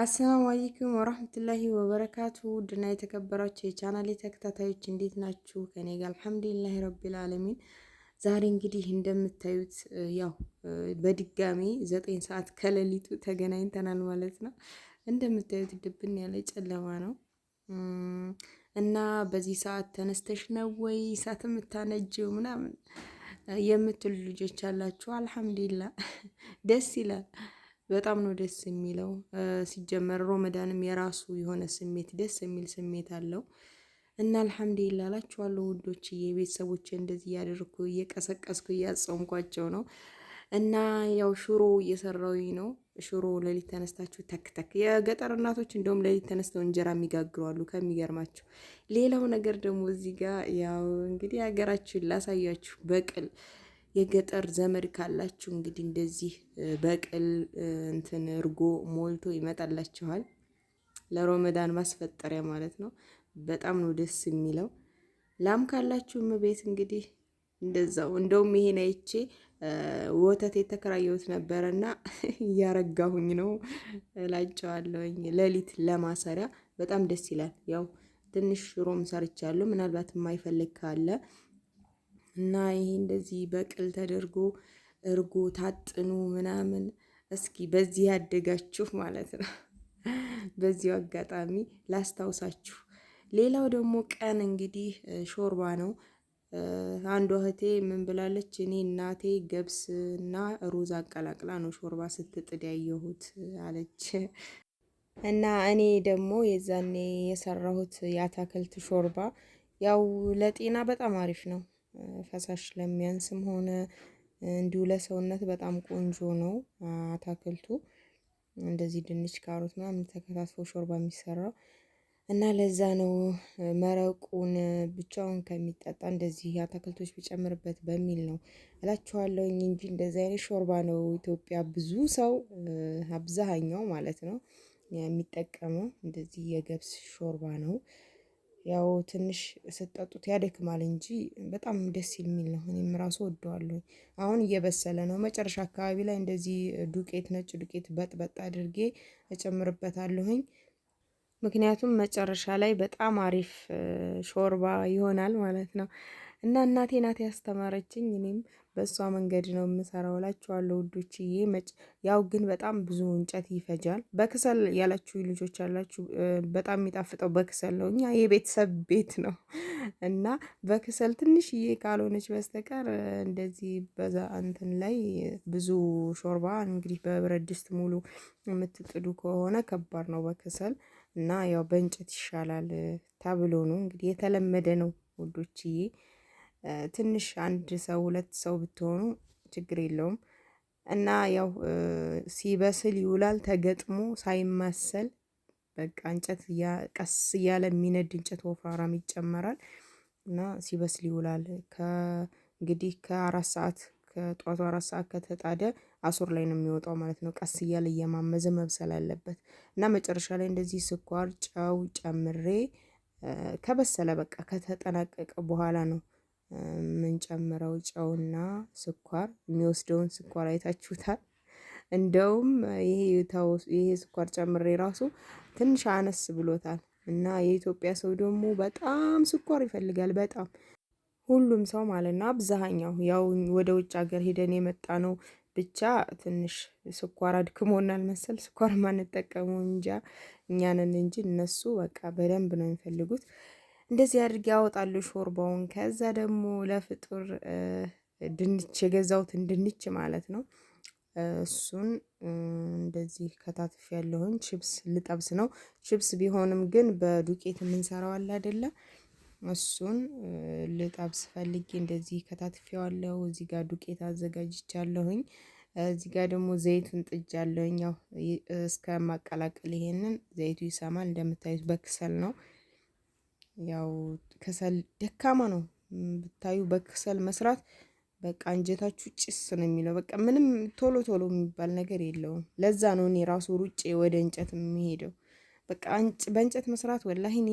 አሰላሙ አለይኩም ወራህመቱላሂ ወበረካቱ ውድና የተከበራችሁ የቻናሌ ተከታታዮች እንዴት ናችሁ? ከኔ ጋር አልሐምዱሊላሂ ረቢል ዓለሚን። ዛሬ እንግዲህ እንደምታዩት ያው በድጋሚ ዘጠኝ ሰዓት ከሌሊቱ ተገናኝተናል ማለት ነው። እንደምታዩት ድብን ያለ ጨለማ ነው እና በዚህ ሰዓት ተነስተሽ ነው ወይ እሳት የምታነጅው ምናምን የምትሉ ልጆች አላችሁ። አልሐምዱሊላህ ደስ ይላል። በጣም ነው ደስ የሚለው። ሲጀመር ሮመዳንም የራሱ የሆነ ስሜት ደስ የሚል ስሜት አለው እና አልሐምዱሊላ እላችኋለሁ ውዶች፣ የቤተሰቦች እንደዚህ እያደረኩ እየቀሰቀስኩ እያጾምኳቸው ነው እና ያው ሽሮ እየሰራሁኝ ነው። ሽሮ ሌሊት ተነስታችሁ ተክተክ የገጠር እናቶች እንደውም ሌሊት ተነስተው እንጀራ የሚጋግሩ አሉ ከሚገርማችሁ። ሌላው ነገር ደግሞ እዚህ ጋር ያው እንግዲህ ሀገራችን ላሳያችሁ በቅል የገጠር ዘመድ ካላችሁ እንግዲህ እንደዚህ በቅል እንትን እርጎ ሞልቶ ይመጣላችኋል። ለሮመዳን ማስፈጠሪያ ማለት ነው። በጣም ነው ደስ የሚለው። ላም ካላችሁም ቤት እንግዲህ እንደዛው እንደውም ይሄን አይቼ ወተት የተከራየሁት ነበረና እያረጋሁኝ ነው እላቸዋለሁኝ። ሌሊት ለማሰሪያ በጣም ደስ ይላል። ያው ትንሽ ሽሮም ሰርቻለሁ። ምናልባት የማይፈልግ ካለ እና ይሄ እንደዚህ በቅል ተደርጎ እርጎ ታጥኑ ምናምን እስኪ በዚህ ያደጋችሁ ማለት ነው። በዚሁ አጋጣሚ ላስታውሳችሁ። ሌላው ደግሞ ቀን እንግዲህ ሾርባ ነው። አንዷ እህቴ ምን ብላለች? እኔ እናቴ ገብስ እና ሩዝ አቀላቅላ ነው ሾርባ ስትጥድ ያየሁት አለች። እና እኔ ደግሞ የዛኔ የሰራሁት የአታክልት ሾርባ ያው ለጤና በጣም አሪፍ ነው። ፈሳሽ ለሚያንስም ሆነ እንዲሁ ለሰውነት በጣም ቆንጆ ነው አታክልቱ። እንደዚህ ድንች፣ ካሮት ምናምን ተከታትፎ ሾርባ የሚሰራው እና ለዛ ነው መረቁን ብቻውን ከሚጠጣ እንደዚህ አታክልቶች ቢጨምርበት በሚል ነው እላችኋለሁኝ እንጂ እንደዚህ አይነት ሾርባ ነው ኢትዮጵያ ብዙ ሰው አብዛኛው ማለት ነው የሚጠቀመው እንደዚህ የገብስ ሾርባ ነው። ያው ትንሽ ስጠጡት ያደክማል እንጂ በጣም ደስ የሚል ነው። እኔም ራሱ ወደዋለሁ። አሁን እየበሰለ ነው። መጨረሻ አካባቢ ላይ እንደዚህ ዱቄት፣ ነጭ ዱቄት በጥበጥ አድርጌ እጨምርበታለሁኝ። ምክንያቱም መጨረሻ ላይ በጣም አሪፍ ሾርባ ይሆናል ማለት ነው። እና እናቴ ናት ያስተማረችኝ። እኔም በእሷ መንገድ ነው የምሰራው እላችኋለሁ ውዶችዬ። ያው ግን በጣም ብዙ እንጨት ይፈጃል። በክሰል ያላችሁ ልጆች ያላችሁ በጣም የሚጣፍጠው በክሰል ነው። እኛ የቤተሰብ ቤት ነው እና በክሰል ትንሽዬ ካልሆነች በስተቀር እንደዚህ በዛ እንትን ላይ ብዙ ሾርባ እንግዲህ በብረት ድስት ሙሉ የምትጥዱ ከሆነ ከባድ ነው በክሰል እና ያው በእንጨት ይሻላል ተብሎ ነው እንግዲህ የተለመደ ነው ውዶችዬ። ትንሽ አንድ ሰው ሁለት ሰው ብትሆኑ ችግር የለውም። እና ያው ሲበስል ይውላል ተገጥሞ ሳይመሰል በቃ እንጨት ቀስ እያለ የሚነድ እንጨት ወፍራራም ይጨመራል እና ሲበስል ይውላል። እንግዲህ ከአራት ሰዓት ከጠዋቱ አራት ሰዓት ከተጣደ አሱር ላይ ነው የሚወጣው ማለት ነው። ቀስ እያለ እየማመዘ መብሰል አለበት እና መጨረሻ ላይ እንደዚህ ስኳር፣ ጨው ጨምሬ ከበሰለ በቃ ከተጠናቀቀ በኋላ ነው የምንጨምረው ጨውና ስኳር የሚወስደውን ስኳር አይታችሁታል። እንደውም ይሄ ስኳር ጨምሬ ራሱ ትንሽ አነስ ብሎታል። እና የኢትዮጵያ ሰው ደግሞ በጣም ስኳር ይፈልጋል። በጣም ሁሉም ሰው ማለት ነው። አብዛኛው ያው ወደ ውጭ ሀገር ሄደን የመጣ ነው ብቻ ትንሽ ስኳር አድክሞናል መሰል ስኳር ማንጠቀመው እንጃ እኛንን እንጂ እነሱ በቃ በደንብ ነው የሚፈልጉት። እንደዚህ አድርጌ ያወጣሉ ሾርባውን። ከዛ ደግሞ ለፍጡር ድንች የገዛሁትን ድንች ማለት ነው። እሱን እንደዚህ ከታትፍ ያለውን ቺፕስ ልጠብስ ነው። ቺፕስ ቢሆንም ግን በዱቄት የምንሰራው አለ አይደለ? እሱን ልጠብስ ፈልጌ እንደዚህ ከታትፌዋለሁ። እዚህ ጋር ዱቄት አዘጋጅቻለሁኝ። እዚህ ጋር ደግሞ ዘይቱን ጥጃለሁኝ። ያው እስከማቀላቀል ይሄንን ዘይቱ ይሰማል። እንደምታዩት በክሰል ነው ያው ከሰል ደካማ ነው ብታዩ፣ በክሰል መስራት በቃ እንጀታችሁ ጭስ ነው የሚለው። በቃ ምንም ቶሎ ቶሎ የሚባል ነገር የለውም። ለዛ ነው እኔ ራሱ ሩጬ ወደ እንጨት የሚሄደው። በቃ በእንጨት መስራት ወላሂ እኔ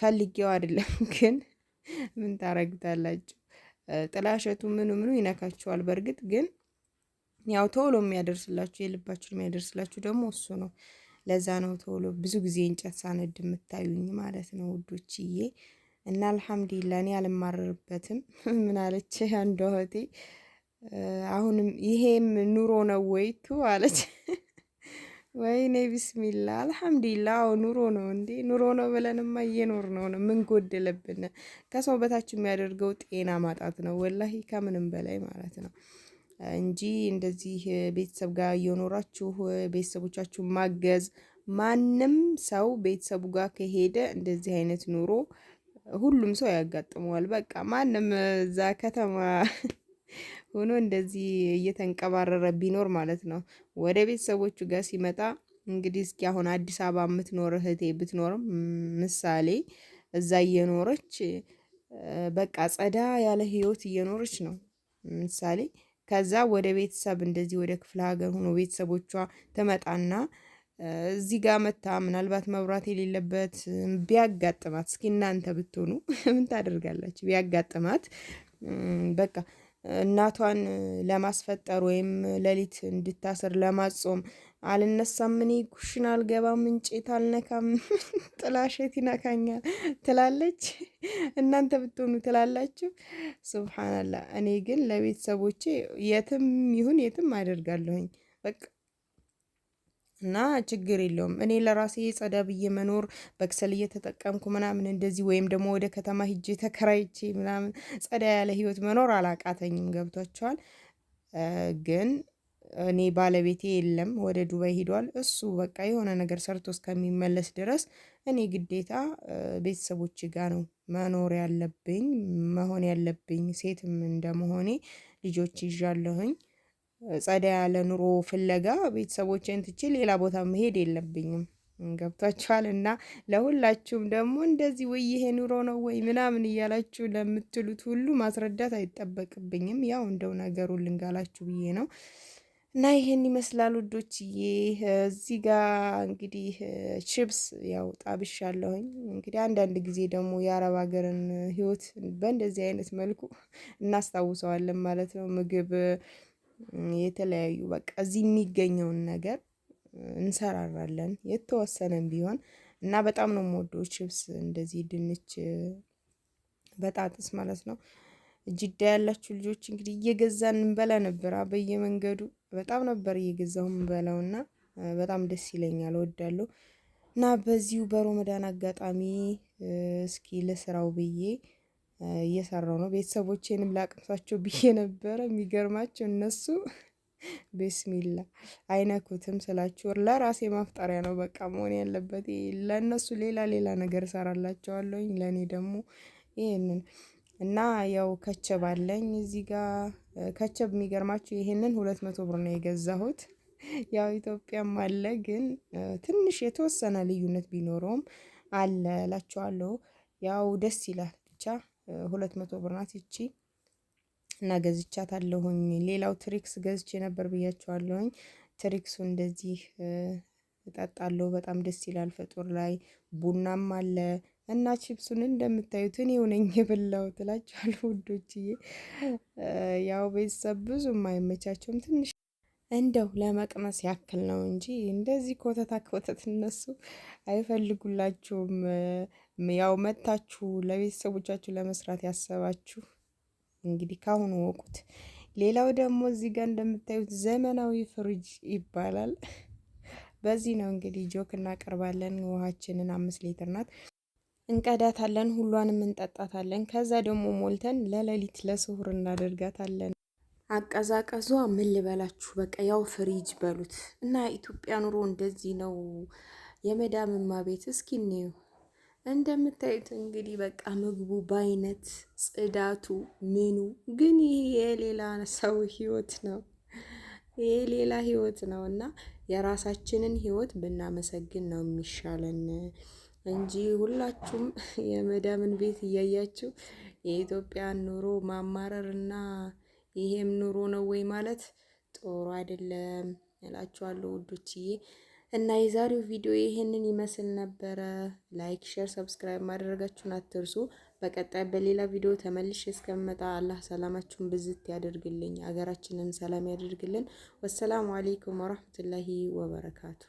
ፈልጌው አይደለም፣ ግን ምን ታረግታላችሁ? ጥላሸቱ ምኑ ምኑ ይነካችኋል። በእርግጥ ግን ያው ቶሎ የሚያደርስላችሁ የልባችሁ የሚያደርስላችሁ ደግሞ እሱ ነው። ለዛ ነው ቶሎ ብዙ ጊዜ እንጨት ሳነድ የምታዩኝ ማለት ነው ውዶችዬ። እና አልሐምዱሊላ እኔ አልማረርበትም። ምን አለች አንዷ እህቴ አሁንም ይሄም ኑሮ ነው ወይቱ አለች። ወይኔ ቢስሚላ አልሐምዱሊላ ኑሮ ነው እንዴ ኑሮ ነው ብለንማ እየኖር ነው ነው ምን ጎደለብን? ከሰው በታች የሚያደርገው ጤና ማጣት ነው ወላሂ ከምንም በላይ ማለት ነው። እንጂ እንደዚህ ቤተሰብ ጋር እየኖራችሁ ቤተሰቦቻችሁን ማገዝ ማንም ሰው ቤተሰቡ ጋር ከሄደ እንደዚህ አይነት ኑሮ ሁሉም ሰው ያጋጥመዋል። በቃ ማንም እዛ ከተማ ሆኖ እንደዚህ እየተንቀባረረ ቢኖር ማለት ነው ወደ ቤተሰቦቹ ጋር ሲመጣ እንግዲህ እስኪ አሁን አዲስ አበባ የምትኖር እህቴ ብትኖርም ምሳሌ እዛ እየኖረች በቃ ጸዳ ያለ ህይወት እየኖረች ነው ምሳሌ ከዛ ወደ ቤተሰብ እንደዚህ ወደ ክፍለ ሀገር ሆኖ ቤተሰቦቿ ትመጣና እዚህ ጋር መታ ምናልባት መብራት የሌለበት ቢያጋጥማት፣ እስኪ እናንተ ብትሆኑ ምን ታደርጋላችሁ? ቢያጋጥማት በቃ እናቷን ለማስፈጠር ወይም ሌሊት እንድታስር ለማጾም አልነሳም እኔ ኩሽን አልገባም፣ እንጨት አልነካም፣ ጥላሸት ይነካኛል ትላለች። እናንተ ብትሆኑ ትላላችሁ። ሱብሃናላ። እኔ ግን ለቤተሰቦቼ የትም ይሁን የትም አደርጋለሁኝ በቃ እና ችግር የለውም። እኔ ለራሴ ጸዳ ብዬ መኖር በክሰል እየተጠቀምኩ ምናምን እንደዚህ ወይም ደግሞ ወደ ከተማ ሂጄ ተከራይቼ ምናምን ጸዳ ያለ ህይወት መኖር አላቃተኝም። ገብቷቸዋል ግን እኔ ባለቤቴ የለም ወደ ዱባይ ሂዷል። እሱ በቃ የሆነ ነገር ሰርቶ እስከሚመለስ ድረስ እኔ ግዴታ ቤተሰቦች ጋ ነው መኖር ያለብኝ መሆን ያለብኝ። ሴትም እንደመሆኔ ልጆች ይዣለሁኝ። ጸዳ ያለ ኑሮ ፍለጋ ቤተሰቦቼን ትቼ ሌላ ቦታ መሄድ የለብኝም። ገብቷችኋል። እና ለሁላችሁም ደግሞ እንደዚህ ወይ ይሄ ኑሮ ነው ወይ ምናምን እያላችሁ ለምትሉት ሁሉ ማስረዳት አይጠበቅብኝም። ያው እንደው ነገሩን ልንጋላችሁ ብዬ ነው። እና ይሄን ይመስላል ውዶችዬ። እዚህ ጋር እንግዲህ ችፕስ ያው አለሁኝ እንግዲህ አንዳንድ ጊዜ ደግሞ የአረብ ሀገርን ህይወት በእንደዚህ አይነት መልኩ እናስታውሰዋለን ማለት ነው። ምግብ የተለያዩ በቃ እዚህ የሚገኘውን ነገር እንሰራራለን የተወሰነም ቢሆን እና በጣም ነው የምወደው ችብስ፣ እንደዚህ ድንች በጣጥስ ማለት ነው። ጅዳ ያላችሁ ልጆች እንግዲህ እየገዛን እንበላ ነበር በየመንገዱ በጣም ነበር እየገዛሁም በላውና በጣም ደስ ይለኛል ወዳለሁ እና በዚሁ በሮመዳን አጋጣሚ እስኪ ለስራው ብዬ እየሰራው ነው። ቤተሰቦቼንም ላቅምሳቸው ብዬ ነበረ። የሚገርማቸው እነሱ ቢስሚላ አይነኩትም ስላችሁ ለራሴ ማፍጠሪያ ነው በቃ መሆን ያለበት። ለእነሱ ሌላ ሌላ ነገር እሰራላቸዋለሁኝ፣ ለእኔ ደግሞ ይህንን እና ያው ከቸብ አለኝ እዚህ ጋር ከቸብ የሚገርማችሁ ይሄንን ሁለት መቶ ብር ነው የገዛሁት። ያው ኢትዮጵያም አለ ግን ትንሽ የተወሰነ ልዩነት ቢኖረውም አለ እላችኋለሁ። ያው ደስ ይላል ብቻ ሁለት መቶ ብር ናት ይቺ እና ገዝቻታለሁኝ። ሌላው ትሪክስ ገዝቼ ነበር ብያቸዋለሁኝ ትሪክሱ እንደዚህ እጠጣለሁ። በጣም ደስ ይላል። ፍጡር ላይ ቡናም አለ እና ቺፕሱን እንደምታዩት እኔ ነኝ የበላሁት እላችኋለሁ ውዶችዬ። ያው ቤተሰብ ብዙም አይመቻቸውም ትንሽ እንደው ለመቅመስ ያክል ነው እንጂ እንደዚህ ኮተታ ኮተት እነሱ አይፈልጉላችሁም። ያው መታችሁ ለቤተሰቦቻችሁ ለመስራት ያሰባችሁ እንግዲህ ካሁኑ ወቁት። ሌላው ደግሞ እዚህ ጋር እንደምታዩት ዘመናዊ ፍሪጅ ይባላል። በዚህ ነው እንግዲህ ጆክ እናቀርባለን። ውሃችንን አምስት ሊትር ናት። እንቀዳታለን፣ ሁሏንም እንጠጣታለን። ከዛ ደግሞ ሞልተን ለሌሊት ለስሁር እናደርጋታለን። አቀዛቀዟ ምን ልበላችሁ፣ በቃ ያው ፍሪጅ በሉት እና ኢትዮጵያ ኑሮ እንደዚህ ነው። የመዳምማ ቤት እስኪ እኔ እንደምታዩት እንግዲህ በቃ ምግቡ በአይነት ጽዳቱ፣ ምኑ ግን ይሄ የሌላ ሰው ህይወት ነው። ይሄ ሌላ ህይወት ነው እና የራሳችንን ህይወት ብናመሰግን ነው የሚሻለን። እንጂ ሁላችሁም የመዳምን ቤት እያያችሁ የኢትዮጵያን ኑሮ ማማረር እና ይሄም ኑሮ ነው ወይ ማለት ጥሩ አይደለም እላችኋለሁ ውዶችዬ። እና የዛሬው ቪዲዮ ይሄንን ይመስል ነበረ። ላይክ፣ ሼር፣ ሰብስክራይብ ማድረጋችሁን አትርሱ። በቀጣይ በሌላ ቪዲዮ ተመልሼ እስከምመጣ አላህ ሰላማችሁን ብዝት ያደርግልኝ፣ አገራችንን ሰላም ያደርግልን። ወሰላሙ አሌይኩም ወረህመቱላሂ ወበረካቱ